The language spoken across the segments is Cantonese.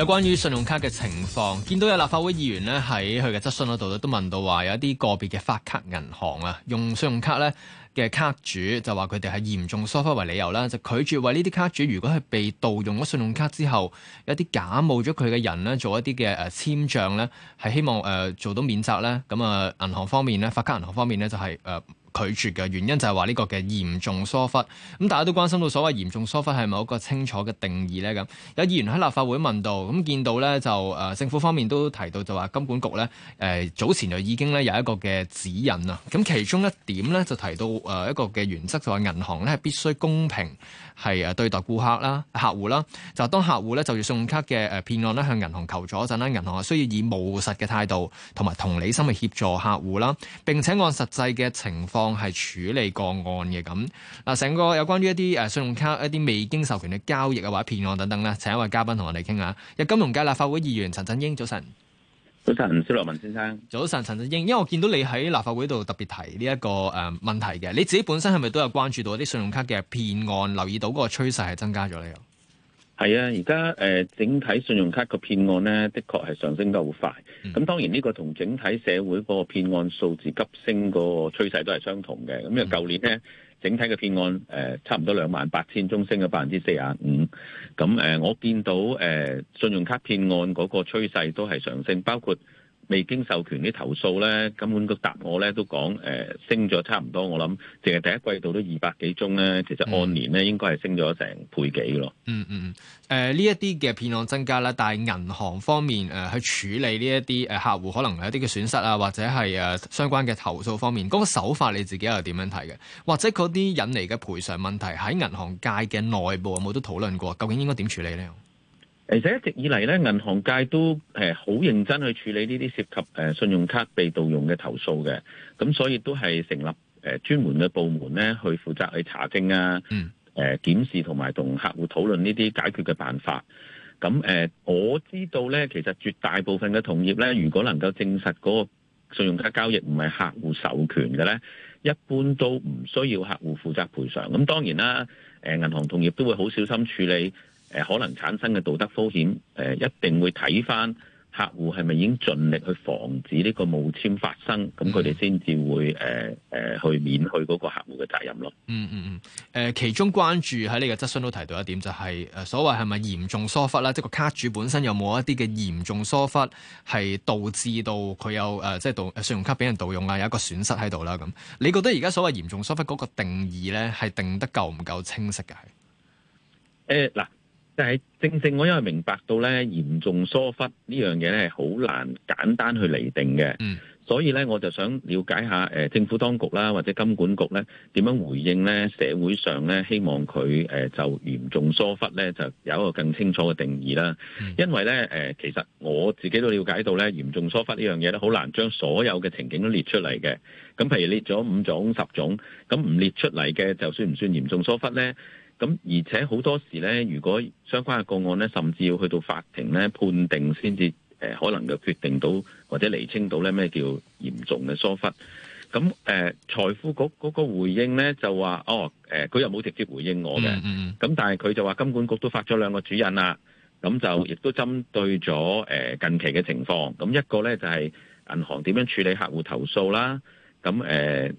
有關於信用卡嘅情況，見到有立法會議員咧喺佢嘅質詢嗰度都問到話，有一啲個別嘅發卡銀行啊，用信用卡咧嘅卡主就話佢哋係嚴重疏忽為理由啦，就拒絕為呢啲卡主，如果係被盜用咗信用卡之後，有啲假冒咗佢嘅人咧做一啲嘅誒簽帳咧，係希望誒、呃、做到免責咧。咁、呃、啊，銀行方面咧，發卡銀行方面咧就係、是、誒。呃拒絕嘅原因就係話呢個嘅嚴重疏忽，咁大家都關心到所謂嚴重疏忽係某一個清楚嘅定義呢？咁有議員喺立法會問到，咁見到呢就誒、呃、政府方面都提到就話金管局呢誒、呃、早前就已經咧有一個嘅指引啊，咁其中一點呢就提到誒一個嘅原則就係銀行咧必須公平係誒對待顧客啦、客戶啦，就當客戶呢就要信用卡嘅誒騙案呢向銀行求助嗰陣咧，銀行係需要以務實嘅態度同埋同理心去協助客戶啦，並且按實際嘅情況。當係處理個案嘅。咁嗱，成個有關於一啲誒信用卡一啲未經授權嘅交易啊，或者騙案等等咧，請一位嘉賓同我哋傾下，有金融界立法會議員陳振英。早晨。早晨，小羅文先生。早晨陳振英，因為我見到你喺立法會度特別提呢一個誒問題嘅，你自己本身係咪都有關注到一啲信用卡嘅騙案，留意到嗰個趨勢係增加咗呢？又係啊，而家誒整體信用卡個騙案咧，的確係上升得好快。咁當然呢個同整體社會嗰個騙案數字急升嗰個趨勢都係相同嘅。咁因為舊年咧，整體嘅騙案誒差唔多兩萬八千宗，升咗百分之四十五。咁誒，我見到誒信用卡騙案嗰個趨勢都係上升，包括，未經授權啲投訴咧，根本個答我咧都講誒、呃、升咗差唔多，我諗淨係第一季度都二百幾宗咧，其實按年咧應該係升咗成倍幾咯。嗯嗯嗯，呢一啲嘅騙案增加啦，但係銀行方面誒、呃、去處理呢一啲誒客戶可能有一啲嘅損失啊，或者係誒、呃、相關嘅投訴方面，嗰、那個手法你自己又點樣睇嘅？或者嗰啲引嚟嘅賠償問題喺銀行界嘅內部有冇都討論過？究竟應該點處理呢？其實一直以嚟咧，銀行界都誒好認真去處理呢啲涉及誒信用卡被盜用嘅投訴嘅，咁所以都係成立誒專門嘅部門咧去負責去查證啊，誒、嗯、呃、檢視同埋同客戶討論呢啲解決嘅辦法。咁誒、呃、我知道咧，其實絕大部分嘅同業咧，如果能夠證實嗰個信用卡交易唔係客戶授權嘅咧，一般都唔需要客戶負責賠償。咁當然啦，誒、呃、銀行同業都會好小心處理。誒、呃、可能產生嘅道德風險，誒、呃、一定會睇返客戶係咪已經盡力去防止呢個冒簽發生，咁佢哋先至會誒誒、呃、去免去嗰個客戶嘅責任咯。嗯嗯嗯，誒、嗯呃、其中關注喺呢個質詢都提到一點，就是，就係誒所謂係咪嚴重疏忽啦，即係個卡主本身有冇一啲嘅嚴重疏忽係導致到佢有誒、呃、即係盜信用卡俾人盜用啊，有一個損失喺度啦咁。你覺得而家所謂的嚴重疏忽嗰個定義咧，係定得夠唔夠清晰嘅？係誒嗱。但係正正我因為明白到咧嚴重疏忽呢樣嘢咧係好難簡單去釐定嘅，所以咧我就想了解下誒政府當局啦或者金管局咧點樣回應咧社會上咧希望佢誒就嚴重疏忽咧就有一個更清楚嘅定義啦。因為咧誒其實我自己都了解到咧嚴、嚴重疏忽呢樣嘢咧好難將所有嘅情景都列出嚟嘅。咁譬如列咗五種十種，咁唔列出嚟嘅就算唔算嚴重疏忽咧？咁而且好多時咧，如果相關嘅個案咧，甚至要去到法庭咧，判定先至誒可能就決定到或者釐清到咧咩叫嚴重嘅疏忽。咁誒財富局嗰個回應咧就話哦誒佢、呃、又冇直接回應我嘅。咁、嗯嗯嗯、但係佢就話金管局都發咗兩個指引啦，咁就亦都針對咗誒近期嘅情況，咁一個咧就係銀行點樣處理客戶投訴啦。咁誒、呃、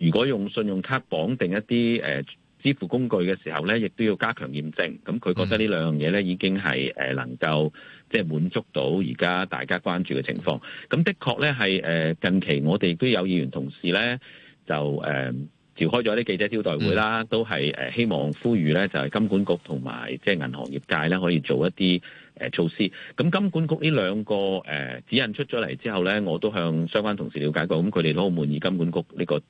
如果用信用卡綁定一啲誒。呃支付工具嘅時候咧，亦都要加強驗證。咁佢覺得呢兩樣嘢咧，已經係誒能夠即係滿足到而家大家關注嘅情況。咁的確咧係誒近期我哋都有議員同事咧，就誒召開咗啲記者招待會啦，都係誒希望呼籲咧，就係金管局同埋即係銀行業界咧，可以做一啲誒措施。咁金管局呢兩個誒指引出咗嚟之後咧，我都向相關同事了解過，咁佢哋都好滿意金管局呢個。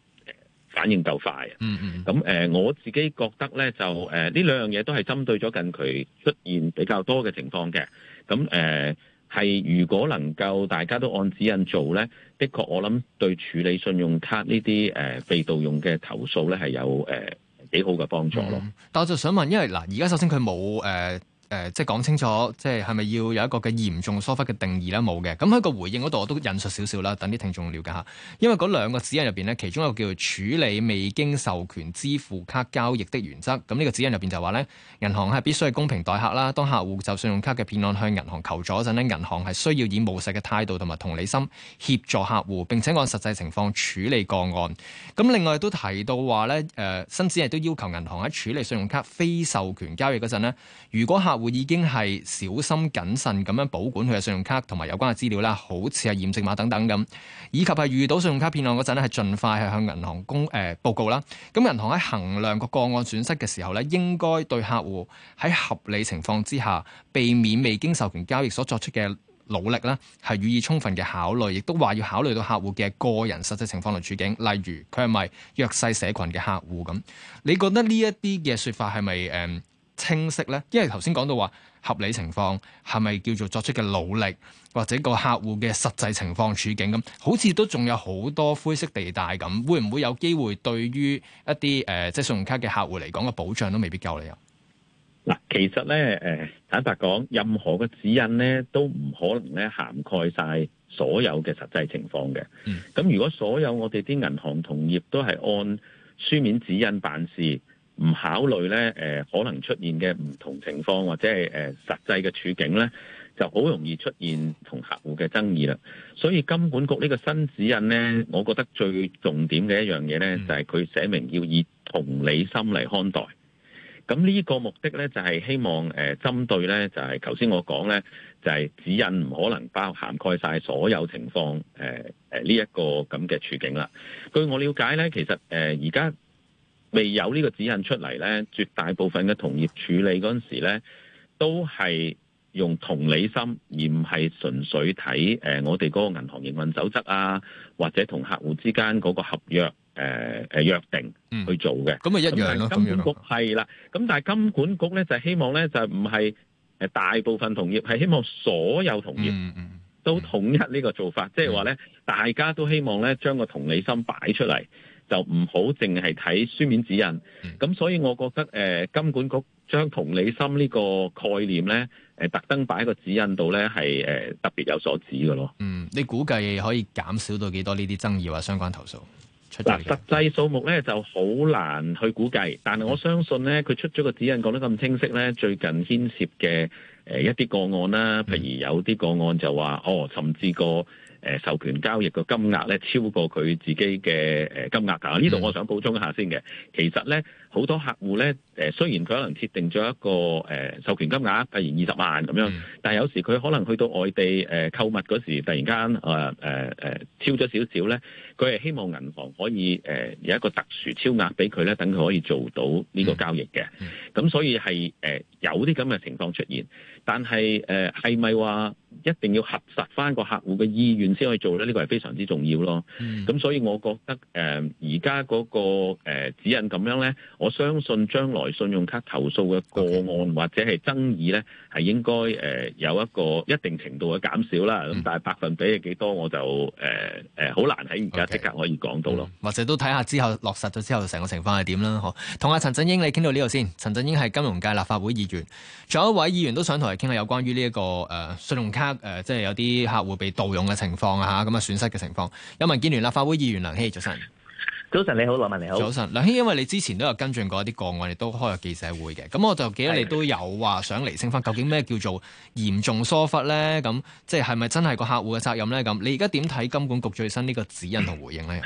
反應夠快，咁、嗯、誒、嗯呃、我自己覺得咧，就誒呢兩樣嘢都係針對咗近期出現比較多嘅情況嘅，咁誒係如果能夠大家都按指引做咧，的確我諗對處理信用卡呢啲誒被盜用嘅投訴咧係有誒幾、呃、好嘅幫助咯、嗯。但我就想問，因為嗱而家首先佢冇誒，呃誒、呃，即係講清楚，即係係咪要有一個嘅嚴重疏忽嘅定義啦？冇嘅。咁喺個回應嗰度，我都引述少少啦，等啲聽眾了解下。因為嗰兩個指引入邊呢，其中一個叫做處理未經授權支付卡交易的原則。咁呢個指引入邊就話呢銀行係必須係公平待客啦。當客戶就信用卡嘅騙案向銀行求助嗰陣咧，銀行係需要以務實嘅態度同埋同理心協助客戶，並且按實際情況處理個案。咁另外都提到話呢誒新指引都要求銀行喺處理信用卡非授權交易嗰陣咧，如果客客戶已經係小心謹慎咁樣保管佢嘅信用卡同埋有關嘅資料啦，好似係驗證碼等等咁，以及係遇到信用卡騙案嗰陣咧，係盡快係向銀行公誒、呃、報告啦。咁銀行喺衡量個個案損失嘅時候咧，應該對客戶喺合理情況之下避免未經授權交易所作出嘅努力啦，係予以充分嘅考慮，亦都話要考慮到客戶嘅個人實際情況同處境，例如佢係咪弱勢社群嘅客戶咁？你覺得呢一啲嘅説法係咪誒？呃清晰呢，因為頭先講到話合理情況係咪叫做作出嘅努力，或者個客戶嘅實際情況處境咁，好似都仲有好多灰色地帶咁，會唔會有機會對於一啲誒、呃、即係信用卡嘅客戶嚟講嘅保障都未必夠呢？嗱，其實咧誒，坦白講，任何嘅指引咧都唔可能咧涵蓋晒所有嘅實際情況嘅。咁、嗯、如果所有我哋啲銀行同業都係按書面指引辦事。唔考慮咧、呃，可能出現嘅唔同情況或者係誒、呃、實際嘅處境咧，就好容易出現同客戶嘅爭議啦。所以金管局呢個新指引咧，我覺得最重點嘅一樣嘢咧，就係、是、佢寫明要以同理心嚟看待。咁呢個目的咧，就係、是、希望、呃、針對咧，就係頭先我講咧，就係、是、指引唔可能包涵蓋曬所有情況呢一、呃呃這個咁嘅處境啦。據我了解咧，其實誒而家。呃未有呢個指引出嚟呢，絕大部分嘅同業處理嗰陣時呢，都係用同理心，而唔係純粹睇誒、呃、我哋嗰個銀行營運守則啊，或者同客戶之間嗰個合約誒誒、呃、約定去做嘅。咁咪一樣，金管局係啦，咁、嗯嗯、但係金管局呢，就希望呢，就唔係大部分同業，係希望所有同業都統一呢個做法，嗯、即係話呢，大家都希望呢，將個同理心擺出嚟。就唔好淨係睇書面指引，咁、嗯、所以我覺得誒金管局將同理心呢個概念呢，誒特登擺喺個指引度呢係特別有所指嘅咯。嗯，你估計可以減少到幾多呢啲爭議或、啊、相關投訴？嗱，實際數目呢就好難去估計，但我相信呢，佢、嗯、出咗個指引講得咁清晰呢，最近牽涉嘅一啲個案啦，譬如有啲個案就話、嗯、哦，甚至個誒，授權交易嘅金額咧超過佢自己嘅誒金額。誒，呢度我想補充一下先嘅，其實咧。好多客戶咧，誒雖然佢可能設定咗一個、呃、授權金額，譬如二十萬咁樣，mm-hmm. 但係有時佢可能去到外地誒、呃、購物嗰時，突然間誒誒誒超咗少少咧，佢係希望銀行可以誒、呃、有一個特殊超額俾佢咧，等佢可以做到呢個交易嘅。咁、mm-hmm. 所以係誒、呃、有啲咁嘅情況出現，但係誒係咪話一定要核實翻個客戶嘅意願先去做咧？呢、這個係非常之重要咯。咁、mm-hmm. 所以我覺得誒而家嗰個、呃、指引咁樣咧。我相信將來信用卡投訴嘅個案或者係爭議呢，係應該誒有一個一定程度嘅減少啦。咁、嗯、但係百分比係幾多，我就誒誒好難喺而家即刻可以講到咯、嗯。或者都睇下之後落實咗之後成個情況係點啦。好，同阿陳振英你傾到呢度先。陳振英係金融界立法會議員，仲有一位議員都想同你傾下有關於呢、這、一個、呃、信用卡誒、呃，即係有啲客戶被盜用嘅情況啊，咁啊損失嘅情況。有、啊、民建聯立法會議員梁熙早晨。早晨你好，梁文你好。早晨，梁熙，因為你之前都有跟進過一啲個案，亦都開過記者會嘅，咁我就記得你都有話想厘清翻，究竟咩叫做嚴重疏忽咧？咁即係係咪真係個客戶嘅責任咧？咁你而家點睇金管局最新呢個指引同回應咧？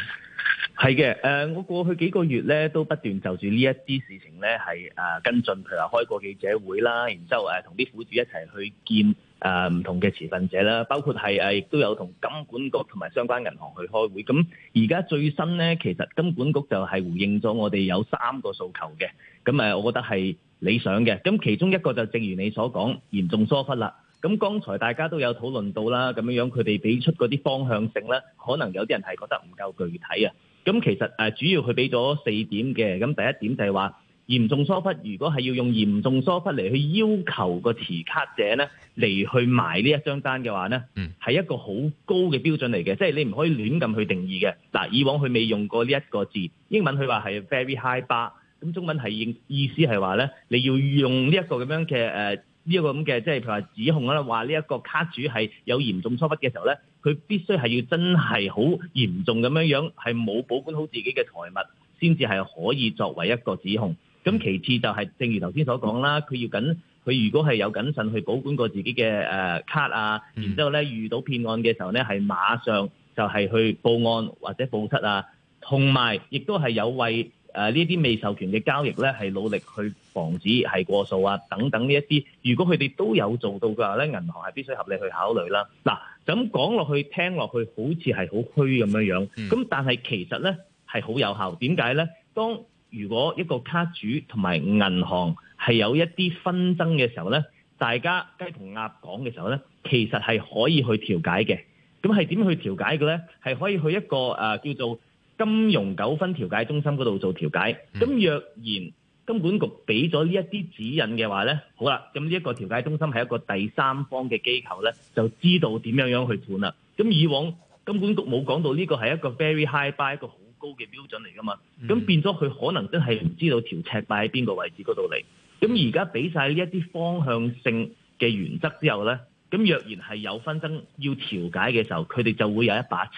係嘅，誒，我過去幾個月咧，都不斷就住呢一啲事情咧，係誒跟進，譬如話開過記者會啦，然之後誒同啲苦主一齊去見。誒、啊、唔同嘅持份者啦，包括係亦、啊、都有同金管局同埋相關銀行去開會。咁而家最新咧，其實金管局就係回應咗我哋有三個訴求嘅。咁誒，我覺得係理想嘅。咁其中一個就正如你所講，嚴重疏忽啦。咁剛才大家都有討論到啦，咁樣樣佢哋俾出嗰啲方向性咧，可能有啲人係覺得唔夠具體啊。咁其實誒主要佢俾咗四點嘅。咁第一點就係話，嚴重疏忽，如果係要用嚴重疏忽嚟去要求個持卡者咧，嚟去買呢一張單嘅話咧，係一個好高嘅標準嚟嘅，即係你唔可以亂咁去定義嘅。嗱，以往佢未用過呢一個字，英文佢話係 very high bar，咁中文係意意思係話咧，你要用呢一個咁樣嘅誒呢一個咁嘅，即係譬如話指控啦，話呢一個卡主係有嚴重疏忽嘅時候咧，佢必須係要真係好嚴重咁樣樣，係冇保管好自己嘅財物，先至係可以作為一個指控。咁其次就係，正如頭先所講啦，佢要緊佢如果係有謹慎去保管過自己嘅誒、呃、卡啊，然之後咧遇到騙案嘅時候咧，係馬上就係去報案或者報失啊，同埋亦都係有為誒呢啲未授權嘅交易咧係努力去防止係過數啊等等呢一啲，如果佢哋都有做到嘅話咧，銀行係必須合理去考慮啦。嗱，咁講落去聽落去好似係好虛咁樣樣，咁、嗯、但係其實咧係好有效。點解咧？當如果一個卡主同埋銀行係有一啲紛爭嘅時候呢，大家雞同鴨講嘅時候呢，其實係可以去調解嘅。咁係點去調解嘅呢？係可以去一個、呃、叫做金融糾紛調解中心嗰度做調解。咁若然金管局俾咗呢一啲指引嘅話呢，好啦，咁呢一個調解中心係一個第三方嘅機構呢，就知道點樣樣去判啦。咁以往金管局冇講到呢個係一個 very high by 一個，高嘅標準嚟噶嘛？咁變咗佢可能真係唔知道條尺擺喺邊個位置嗰度嚟。咁而家俾晒呢一啲方向性嘅原則之後咧，咁若然係有紛爭要調解嘅時候，佢哋就會有一把尺。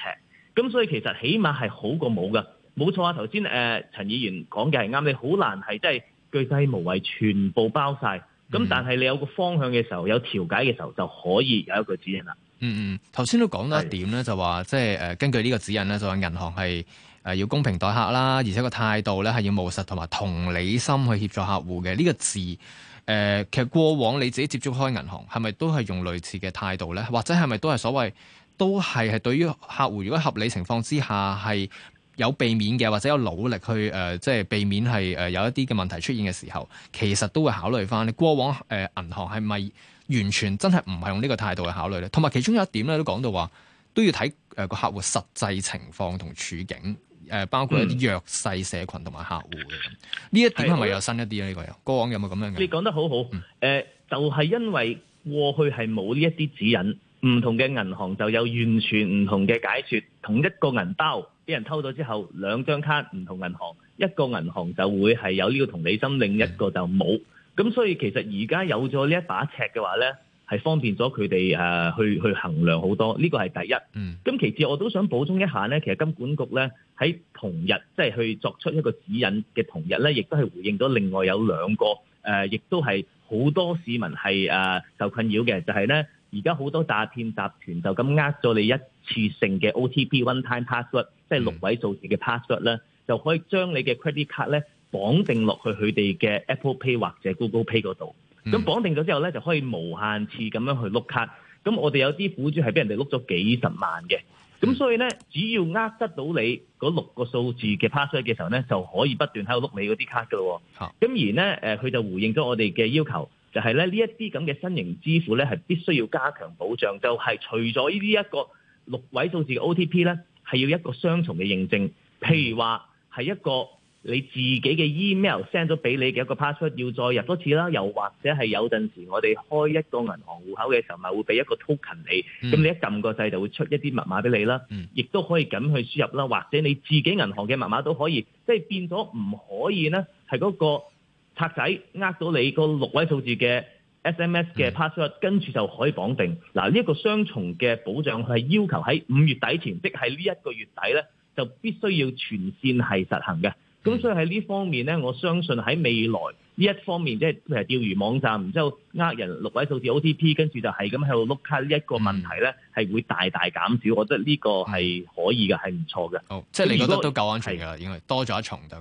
咁所以其實起碼係好過冇噶。冇錯啊，頭先誒陳議員講嘅係啱。你好難係即係鉅細無遺全部包晒。咁但係你有個方向嘅時候，有調解嘅時候就可以有一個指引啦。嗯嗯，頭先都講多一點咧，就話即係誒根據呢個指引咧，就話銀行係，要公平待客啦，而且個態度咧係要務實同埋同理心去協助客戶嘅呢個字。誒、呃。其實過往你自己接觸開銀行，係咪都係用類似嘅態度咧？或者係咪都係所謂都係，係對於客戶，如果合理情況之下係有避免嘅，或者有努力去誒、呃，即係避免係誒有一啲嘅問題出現嘅時候，其實都會考慮翻你過往誒、呃、銀行係咪完全真係唔係用呢個態度去考慮咧？同埋其中有一點咧都講到話都要睇誒個客戶實際情況同處境。誒包括一啲弱勢社群同埋客戶嘅，呢、嗯、一點係咪又新一啲啊？呢、這個又過往有冇咁樣嘅？你講得好好，誒、嗯呃、就係、是、因為過去係冇呢一啲指引，唔同嘅銀行就有完全唔同嘅解説。同一個銀包俾人偷咗之後，兩張卡唔同銀行，一個銀行就會係有呢個同理心，另一個就冇。咁、嗯、所以其實而家有咗呢一把尺嘅話咧。係方便咗佢哋誒去去衡量好多，呢個係第一。咁、嗯、其次，我都想補充一下咧，其實金管局咧喺同日，即係去作出一個指引嘅同日咧，亦都係回應咗另外有兩個誒，亦、呃、都係好多市民係誒、呃、受困擾嘅，就係咧而家好多詐騙集團就咁呃咗你一次性嘅 OTP、嗯、one time password，即係六位數字嘅 password 咧、嗯，就可以將你嘅 credit card 咧綁定落去佢哋嘅 Apple Pay 或者 Google Pay 度。咁、嗯、綁定咗之後咧，就可以無限次咁樣去碌卡。咁我哋有啲苦主係俾人哋碌咗幾十萬嘅。咁所以咧，只要呃得到你嗰六個數字嘅 password 嘅時候咧，就可以不斷喺度碌你嗰啲卡噶咯。咁而咧，誒佢就回應咗我哋嘅要求，就係咧呢一啲咁嘅新型支付咧，係必須要加強保障，就係、是、除咗呢啲一個六位數字嘅 OTP 咧，係要一個雙重嘅認證，譬如話係一個。你自己嘅 email send 咗俾你嘅一個 password，要再入多次啦。又或者係有陣時我哋開一個銀行戶口嘅時候，咪會俾一個 token 你。咁你一撳個掣就會出一啲密碼俾你啦。亦、mm. 都可以咁去輸入啦，或者你自己銀行嘅密碼都可以，即係變咗唔可以呢係嗰個賊仔呃到你個六位數字嘅 SMS 嘅 password，跟、mm. 住就可以綁定嗱。呢一、呢個雙重嘅保障係要求喺五月底前，即係呢一個月底咧，就必須要全線係實行嘅。咁所以喺呢方面咧，我相信喺未來呢一方面，即係譬如釣魚網站，然之後呃人六位數字 OTP，跟住就係咁喺度碌卡呢一個問題咧，係、嗯、會大大減少。我覺得呢個係可以嘅，係唔錯嘅。即係你覺得都夠安全㗎啦，應該多咗一重就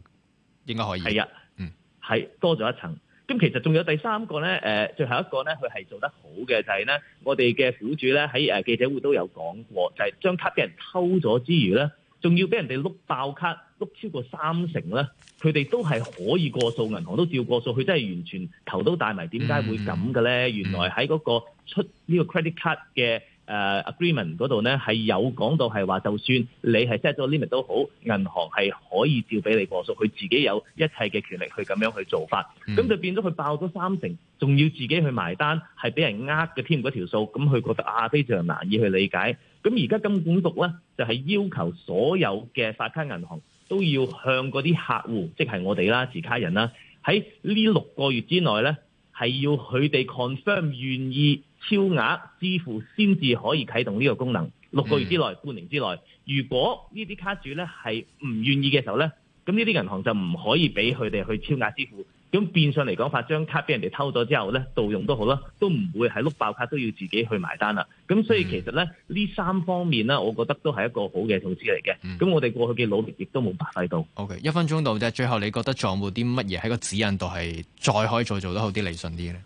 應該可以。係啊，嗯，係多咗一層。咁其實仲有第三個咧、呃，最後一個咧，佢係做得好嘅，就係、是、咧，我哋嘅苦主咧喺誒記者會都有講過，就係、是、將卡俾人偷咗之餘咧，仲要俾人哋碌爆卡。碌超過三成咧，佢哋都係可以過數，銀行都照過數，佢真係完全頭都大埋。點解會咁嘅咧？原來喺嗰個出呢個 credit card 嘅、uh, agreement 嗰度咧，係有講到係話，就算你係 set 咗 limit 都好，銀行係可以照俾你過數，佢自己有一切嘅權力去咁樣去做法。咁、嗯、就變咗佢爆咗三成，仲要自己去埋單，係俾人呃嘅添嗰條數。咁佢覺得啊，非常難以去理解。咁而家金管局咧，就係、是、要求所有嘅發卡銀行。都要向嗰啲客戶，即係我哋啦，持卡人啦，喺呢六個月之內呢，係要佢哋 confirm 願意超額支付先至可以啟動呢個功能。六個月之內、半年之內，如果呢啲卡主呢係唔願意嘅時候呢，咁呢啲銀行就唔可以俾佢哋去超額支付。咁變相嚟講，發張卡俾人哋偷咗之後咧，盜用都好啦，都唔會喺碌爆卡都要自己去埋單啦。咁所以其實咧，呢、嗯、三方面咧，我覺得都係一個好嘅投資嚟嘅。咁、嗯、我哋過去嘅努力亦都冇白費到。OK，一分鐘到啫，最後你覺得仲有冇啲乜嘢喺個指引度係再可以再做，做得好啲、理順啲咧？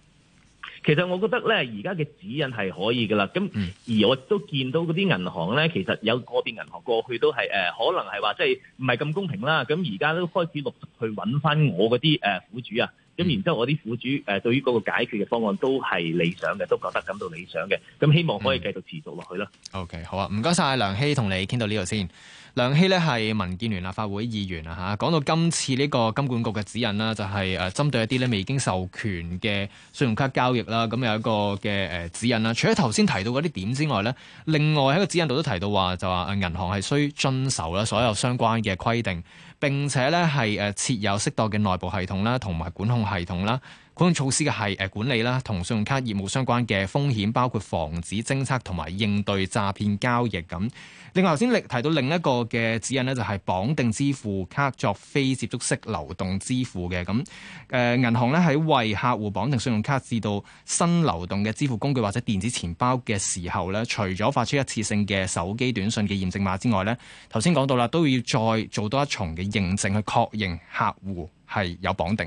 其實我覺得咧，而家嘅指引係可以㗎啦。咁而我都見到嗰啲銀行咧，其實有個別銀行過去都係、呃、可能係話即係唔係咁公平啦。咁而家都開始陸續去揾翻我嗰啲誒苦主啊。咁然之後，我啲苦主誒對於嗰個解決嘅方案都係理想嘅，都覺得感到理想嘅。咁希望可以繼續持續落去啦、嗯、OK，好啊，唔該晒。梁希同你傾到呢度先。梁希呢係民建聯立法會議員啊嚇。講到今次呢個金管局嘅指引啦，就係、誒、針對一啲咧未經授權嘅信用卡交易啦，咁有一個嘅誒指引啦。除咗頭先提到嗰啲點之外咧，另外喺個指引度都提到話，就話銀行係需遵守啦所有相關嘅規定。並且咧係誒設有適當嘅內部系統啦，同埋管控系統啦。管控措施嘅，係誒管理啦，同信用卡業務相關嘅風險，包括防止偵測同埋應對詐騙交易咁。另外頭先提到另一個嘅指引咧，就係綁定支付卡作非接觸式流動支付嘅咁。誒銀行咧喺為客戶綁定信用卡至到新流動嘅支付工具或者電子錢包嘅時候咧，除咗發出一次性嘅手機短信嘅驗證碼之外咧，頭先講到啦，都要再做多一重嘅認證去確認客戶係有綁定。